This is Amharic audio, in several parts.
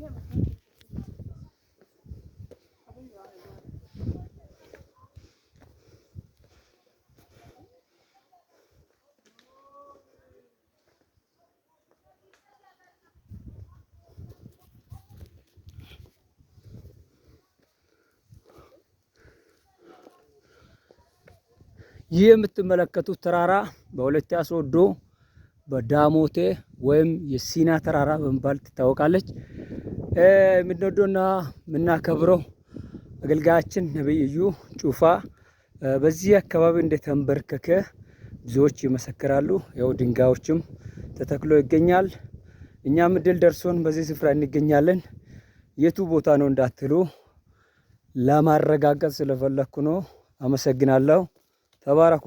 ይህ የምትመለከቱት ተራራ በሁለት አስወዶ በዳሞቴ ወይም የሲና ተራራ በመባል ትታወቃለች። የምንወደውና የምናከብረው አገልጋያችን ነቢይ እዩ ጩፋ በዚህ አካባቢ እንደተንበርከከ ብዙዎች ይመሰክራሉ። ያው ድንጋዮችም ተተክሎ ይገኛል። እኛም እድል ደርሶን በዚህ ስፍራ እንገኛለን። የቱ ቦታ ነው እንዳትሉ ለማረጋገጥ ስለፈለግኩ ነው። አመሰግናለሁ። ተባረኩ።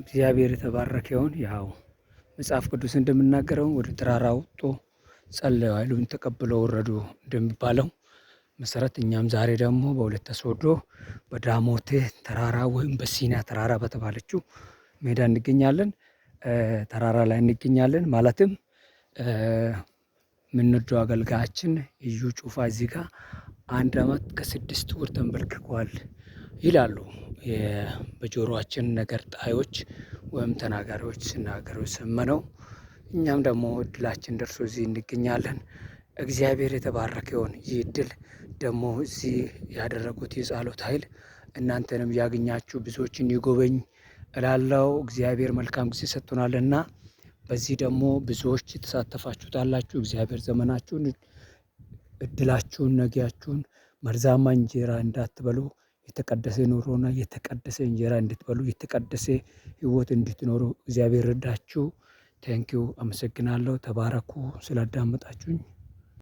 እግዚአብሔር የተባረከ ያው መጽሐፍ ቅዱስ እንደምናገረው ወደ ተራራ ወጥቶ ጸለዩ፣ ኃይሉን ተቀብለው ወረዱ እንደሚባለው መሰረት እኛም ዛሬ ደግሞ በሁለት ሶዶ በዳሞቴ ተራራ ወይም በሲና ተራራ በተባለችው ሜዳ እንገኛለን። ተራራ ላይ እንገኛለን። ማለትም የምንወደው አገልጋያችን እዩ ጩፋ እዚህ ጋር አንድ አመት ከስድስት ወር ተንበርክኳል። ይላሉ በጆሮአችን ነገር ጣዮች ወይም ተናጋሪዎች ሲናገሩ የሰመነው እኛም ደግሞ እድላችን ደርሶ እዚህ እንገኛለን። እግዚአብሔር የተባረከ ይሆን። ይህ እድል ደግሞ እዚህ ያደረጉት የጸሎት ኃይል እናንተንም ያገኛችሁ ብዙዎችን ይጎበኝ እላለው። እግዚአብሔር መልካም ጊዜ ሰጥቶናልና በዚህ ደግሞ ብዙዎች የተሳተፋችሁታላችሁ። እግዚአብሔር ዘመናችሁን፣ እድላችሁን፣ ነጊያችሁን መርዛማ እንጀራ እንዳትበሉ የተቀደሰ ኑሮና የተቀደሰ እንጀራ እንድትበሉ የተቀደሰ ህይወት እንድትኖሩ እግዚአብሔር ረዳችሁ። ታንኪዩ አመሰግናለሁ። ተባረኩ ስላዳመጣችሁኝ